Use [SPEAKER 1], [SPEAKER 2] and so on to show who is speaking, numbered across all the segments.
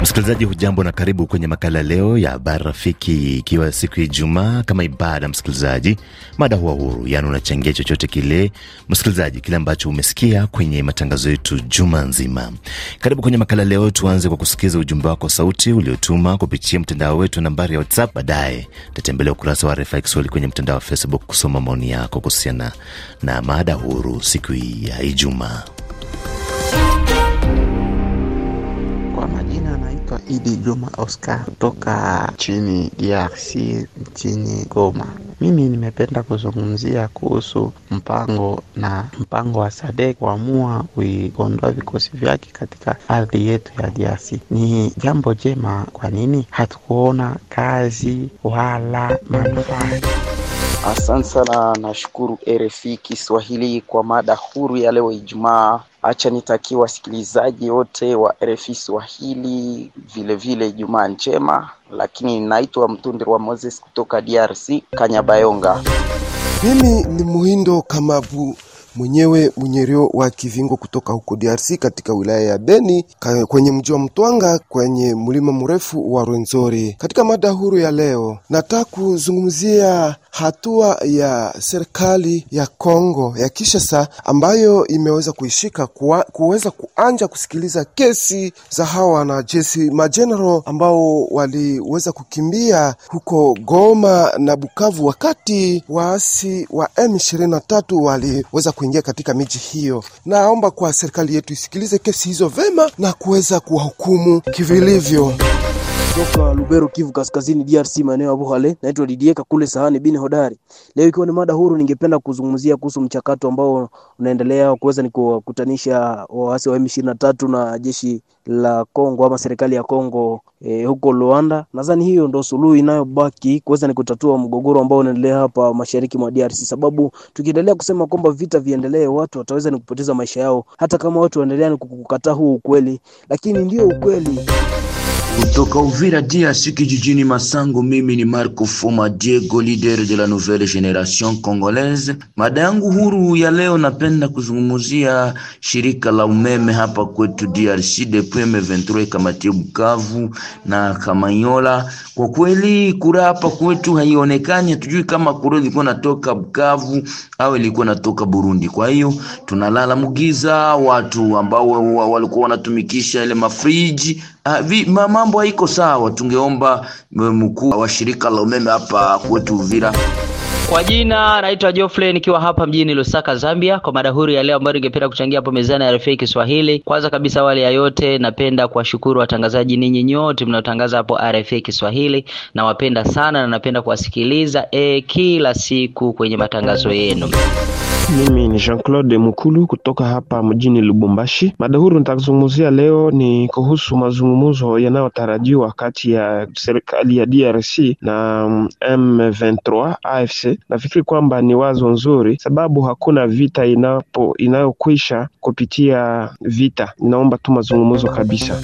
[SPEAKER 1] Msikilizaji hujambo na karibu kwenye makala leo ya habari rafiki, ikiwa siku ya Ijumaa kama ibada. Msikilizaji, mada huwa huru, yaani unachangia chochote kile, msikilizaji, kile ambacho umesikia kwenye matangazo yetu juma nzima. Karibu kwenye makala leo. Tuanze kwa kusikiza ujumbe wako sauti uliotuma kupitia mtandao wetu, nambari ya WhatsApp. Baadaye tatembelea ukurasa wa RFI Kiswahili kwenye mtandao wa Facebook kusoma maoni yako kuhusiana na mada huru siku hii ya Ijumaa. Idi Juma Oscar toka chini DRC nchini Goma. Mimi nimependa kuzungumzia kuhusu mpango na mpango wa SADC kuamua kuiondoa vikosi vyake katika ardhi yetu ya DRC. Ni jambo jema. Kwa nini hatukuona kazi wala manufaa? Asante sana, nashukuru RFI Kiswahili kwa mada huru ya leo Ijumaa. Acha nitakie wasikilizaji wote wa RFI Swahili vilevile Ijumaa njema, lakini naitwa Mtundi wa Moses kutoka DRC Kanyabayonga. Mimi ni Muhindo Kamavu mwenyewe mwenyerio wa Kivingo kutoka huko DRC katika wilaya ya Beni kwenye mji wa Mtwanga kwenye mlima mrefu wa Rwenzori. Katika mada huru ya leo, nataka kuzungumzia hatua ya serikali ya Kongo ya kishasa ambayo imeweza kuishika kuwa, kuweza kuanja kusikiliza kesi za hawa jeshi majenero ambao waliweza kukimbia huko Goma na Bukavu wakati waasi wa M23 waliweza kuingia katika miji hiyo. Naomba kwa serikali yetu isikilize kesi hizo vema na kuweza kuwahukumu kivilivyo kutoka Lubero, Kivu Kaskazini, DRC, maeneo ya Buhale. Naitwa Didier Kakule Sahani bin Hodari. Leo ikiwa ni mada huru, ningependa kuzungumzia kuhusu mchakato ambao unaendelea kuweza ni kuwakutanisha waasi wa M23 na jeshi la Kongo ama serikali ya Kongo e, huko Luanda. Nadhani hiyo ndio suluhu inayobaki kuweza ni kutatua mgogoro ambao unaendelea hapa mashariki mwa DRC, sababu tukiendelea kusema kwamba vita viendelee, watu wataweza ni kupoteza maisha yao, hata kama watu waendelea ni kukataa huu ukweli, lakini ndio ukweli. Kutoka Uvira DRC kijijini Masango, mimi ni Marco Foma Diego, leader de la nouvelle generation congolaise. Mada yangu huru ya leo, napenda kuzungumzia shirika la umeme hapa kwetu DRC, depuis M23 kamati Bukavu na Kamanyola. Kwa kweli kura hapa kwetu haionekani, hatujui kama kura ilikuwa natoka Bukavu au ilikuwa natoka Burundi. Kwa hiyo tunalala mgiza, watu ambao walikuwa wanatumikisha ile mafriji uh, mambo haiko sawa. Tungeomba eh, mkuu wa shirika la umeme hapa kwetu Uvira. Kwa jina naitwa Geoffrey nikiwa hapa mjini Lusaka, Zambia, kwa mada huru ya leo ambayo ningependa kuchangia hapo mezani ya RFI Kiswahili. Kwanza kabisa, awali ya yote, napenda kuwashukuru watangazaji ninyi nyote mnaotangaza hapo RFI Kiswahili. Nawapenda sana na napenda kuwasikiliza e, kila siku kwenye matangazo yenu. Mimi ni Jean Claude Mukulu kutoka hapa mjini Lubumbashi. Mada huru nitazungumzia leo ni kuhusu mazungumzo yanayotarajiwa kati ya serikali ya DRC na mm, M23 AFC. Nafikiri kwamba ni wazo nzuri, sababu hakuna vita inapo inayokwisha kupitia vita. Ninaomba tu mazungumzo kabisa.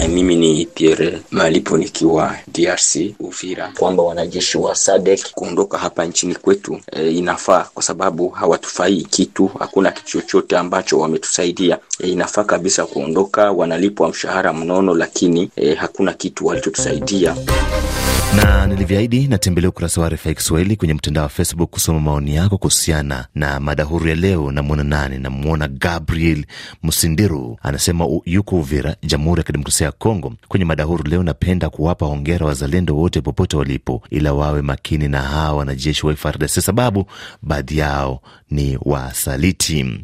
[SPEAKER 1] Eh, mimi ni Pierre Malipo nikiwa DRC Uvira, kwamba wanajeshi wa SADC kuondoka hapa nchini kwetu e, inafaa kwa sababu hawatufai kitu, hakuna kitu chochote ambacho wametusaidia. E, inafaa kabisa kuondoka. Wanalipwa mshahara mnono, lakini e, hakuna kitu walichotusaidia na nilivyoahidi natembelea ukurasa wa RFI Kiswahili kwenye mtandao wa Facebook kusoma maoni yako kuhusiana na mada huru ya leo. Namwona nani? Namwona Gabriel Musindiru, anasema yuko Uvira, Jamhuri ya Kidemokrasia ya Kongo. Kwenye mada huru leo, napenda kuwapa hongera wazalendo wote popote walipo, ila wawe makini na hawa wanajeshi wa FARDC sababu baadhi yao ni wasaliti.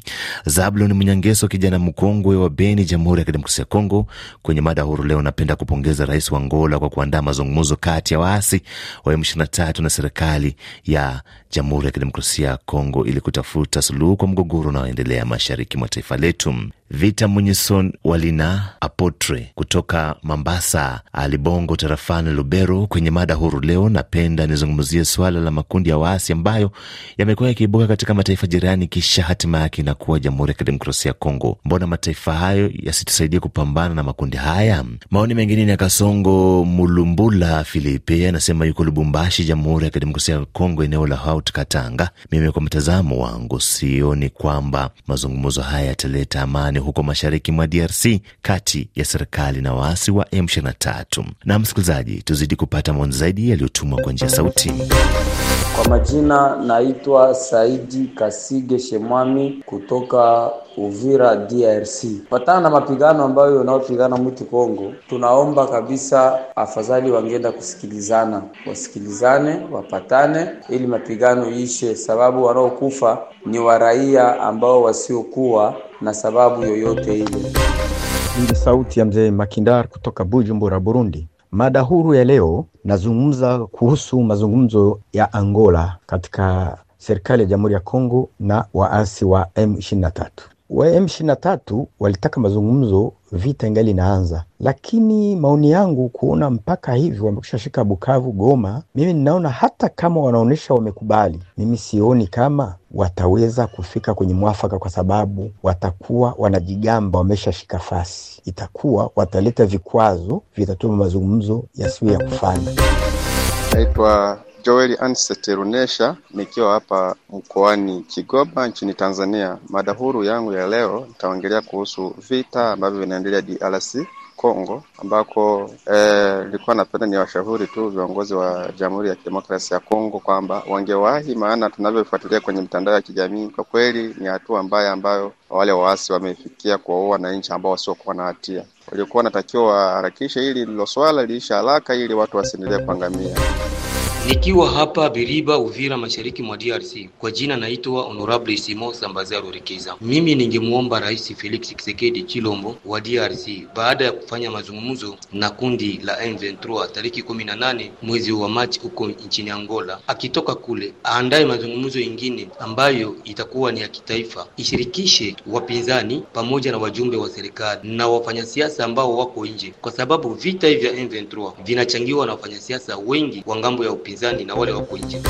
[SPEAKER 1] Zablon Mnyangeso, kijana mkongwe wa Beni, Jamhuri ya Kidemokrasia ya Kongo. Kwenye mada huru leo, napenda kupongeza rais wa Angola kwa kuandaa mazungumzo kati ya waasi wa M23 na serikali ya Jamhuri ya Kidemokrasia ya Kongo ili kutafuta suluhu kwa mgogoro unaoendelea mashariki mwa taifa letu. Vita Munyison Walina Apotre kutoka Mambasa, Alibongo, tarafani Lubero. Kwenye mada huru leo, napenda nizungumzie swala la makundi ya waasi ambayo yamekuwa yakiibuka katika mataifa jirani, kisha hatima yake inakuwa Jamhuri ya Kidemokrasia ya Kongo. Mbona mataifa hayo yasitusaidia kupambana na makundi haya? Maoni mengine ni ya Kasongo Mulumbula Filipe, anasema yuko Lubumbashi, Jamhuri ya Kidemokrasia ya Kongo, eneo la Haut Katanga. Mimi kwa mtazamo wangu sioni kwamba mazungumzo haya yataleta amani huko mashariki mwa DRC kati ya serikali na waasi wa M23. Na msikilizaji, tuzidi kupata maoni zaidi yaliyotumwa kwa njia sauti. Kwa majina naitwa Saidi Kasige Shemwami kutoka Uvira DRC. Patana na mapigano ambayo yanayopigana mwitu Kongo, tunaomba kabisa afadhali wangeenda kusikilizana, wasikilizane, wapatane ili mapigano ishe, sababu wanaokufa ni waraia ambao wasiokuwa na sababu yoyote ile. Ni sauti ya mzee Makindar kutoka Bujumbura, Burundi. Mada huru ya leo nazungumza kuhusu mazungumzo ya Angola katika serikali ya Jamhuri ya Kongo na waasi wa m 3 wa M23 walitaka mazungumzo, vita ingali inaanza, lakini maoni yangu kuona mpaka hivi wamekushashika Bukavu, Goma, mimi ninaona hata kama wanaonyesha wamekubali, mimi sioni kama wataweza kufika kwenye mwafaka, kwa sababu watakuwa wanajigamba wameshashika fasi, itakuwa wataleta vikwazo vitatuma mazungumzo yasiwe ya kufana. Naitwa Joel Anset Runesha nikiwa hapa mkoani Kigoma nchini Tanzania. Mada huru yangu ya leo nitaongelea kuhusu vita ambavyo vinaendelea DRC Kongo ambako eh, nilikuwa eh, napenda ni washauri tu viongozi wa Jamhuri ya Kidemokrasia ya Kongo kwamba wangewahi, maana tunavyofuatilia kwenye mitandao ya kijamii, kwa kweli ni hatua mbaya ambayo wale waasi wamefikia kuwaua wananchi ambao wasiokuwa na hatia. Walikuwa wanatakiwa waharakishe hili lilo swala liisha haraka ili watu wasiendelee kuangamia. Nikiwa hapa Biriba Uvira, mashariki mwa DRC. Kwa jina naitwa Honorable Simo Sambazaru Rekeza. Mimi ningemwomba Rais Felix Tshisekedi Chilombo wa DRC, baada ya kufanya mazungumzo na kundi la M23 tariki 18 mwezi wa Machi huko nchini Angola, akitoka kule aandaye mazungumzo ingine ambayo itakuwa ni ya kitaifa, ishirikishe wapinzani pamoja na wajumbe wa serikali na wafanyasiasa ambao wako nje, kwa sababu vita hivi vya M23 vinachangiwa na wafanyasiasa wengi wa ngambo ya upinzani upinzani na wale wako nje.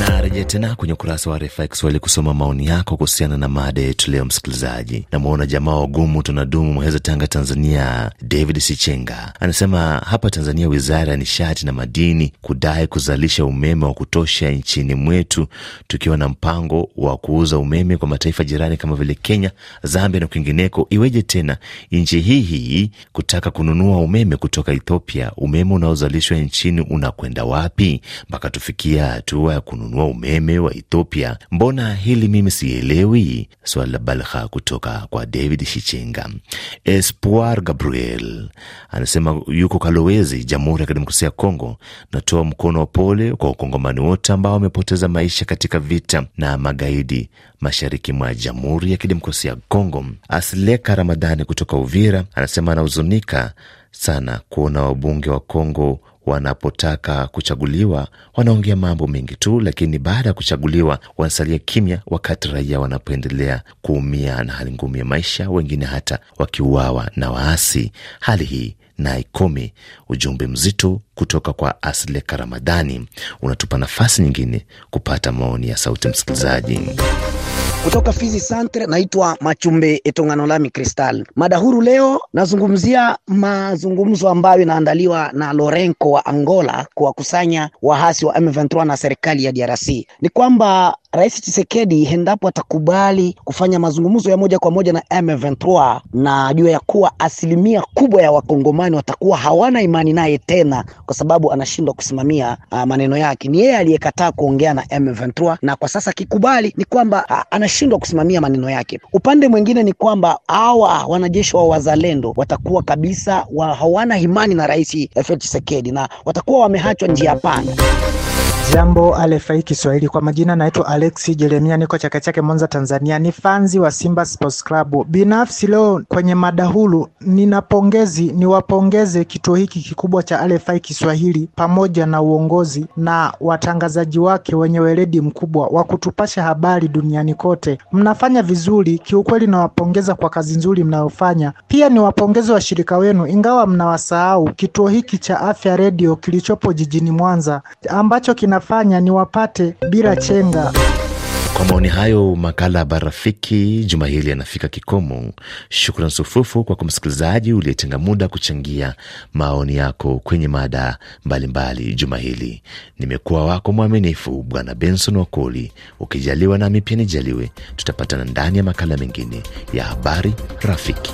[SPEAKER 1] Na rejea tena kwenye ukurasa wa RFI Kiswahili kusoma maoni yako kuhusiana na mada yetu leo. Msikilizaji, namwona jamaa wagumu tunadumu, Mweheza, Tanga, Tanzania. David Sichenga anasema hapa Tanzania wizara ya nishati na madini kudai kuzalisha umeme wa kutosha nchini mwetu, tukiwa na mpango wa kuuza umeme kwa mataifa jirani kama vile Kenya, Zambia na kwingineko. Iweje tena nchi hii hii kutaka kununua umeme kutoka Ethiopia? Umeme unaozalishwa nchini unakwenda wapi? mpaka tufikia hatua ya kununua umeme wa Ethiopia? Mbona hili mimi sielewi? Swali la balgha kutoka kwa David Shichenga. Espoir Gabriel anasema yuko Kalowezi, Jamhuri ya Kidemokrasia ya Kongo. Natoa mkono wa pole kwa Wakongomani wote ambao wamepoteza maisha katika vita na magaidi mashariki mwa Jamhuri ya Kidemokrasia ya Kongo. Asleka Ramadhani kutoka Uvira anasema anahuzunika sana kuona wabunge wa Kongo wanapotaka kuchaguliwa wanaongea mambo mengi tu, lakini baada ya kuchaguliwa wanasalia kimya, wakati raia wanapoendelea kuumia na hali ngumu ya maisha, wengine hata wakiuawa na waasi. Hali hii na ikomi. Ujumbe mzito kutoka kwa Asleka Ramadhani unatupa nafasi nyingine kupata maoni ya sauti msikilizaji. Kutoka Fizi Santre, naitwa Machumbe Etongano Lami Crystal. Madahuru leo nazungumzia mazungumzo ambayo inaandaliwa na Lorenco wa Angola kuwakusanya waasi wa M23 na serikali ya DRC. Ni kwamba Rais Tshisekedi endapo atakubali kufanya mazungumzo ya moja kwa moja na M23, na jua ya kuwa asilimia kubwa ya wakongomani watakuwa hawana imani naye tena, kwa sababu anashindwa kusimamia uh, maneno yake. Ni yeye aliyekataa kuongea na M23, na kwa sasa kikubali ni kwamba uh, anashindwa kusimamia maneno yake. Upande mwingine ni kwamba hawa wanajeshi wa wazalendo watakuwa kabisa wa hawana imani na Rais Tshisekedi na watakuwa wamehachwa njia panda. Jambo RFI Kiswahili, kwa majina naitwa Alexi Jeremia, niko Chake Chake, Mwanza, Tanzania. Ni fanzi wa Simba Sports Club. Binafsi leo kwenye madahulu nina pongezi, niwapongeze kituo hiki kikubwa cha RFI Kiswahili pamoja na uongozi na watangazaji wake wenye weledi mkubwa wa kutupasha habari duniani kote. Mnafanya vizuri kiukweli, nawapongeza kwa kazi nzuri mnayofanya. Pia niwapongeze washirika wenu, ingawa mnawasahau, kituo hiki cha Afya Radio kilichopo jijini Mwanza ambacho kina nitafanya niwapate bila chenga. Kwa maoni hayo, makala ya Habari Rafiki juma hili yanafika kikomo. Shukran sufufu kwako msikilizaji uliyetenga muda kuchangia maoni yako kwenye mada mbalimbali juma hili. Nimekuwa wako mwaminifu Bwana Benson Wakoli. Ukijaliwa nami pia nijaliwe, tutapatana ndani ya makala mengine ya Habari Rafiki.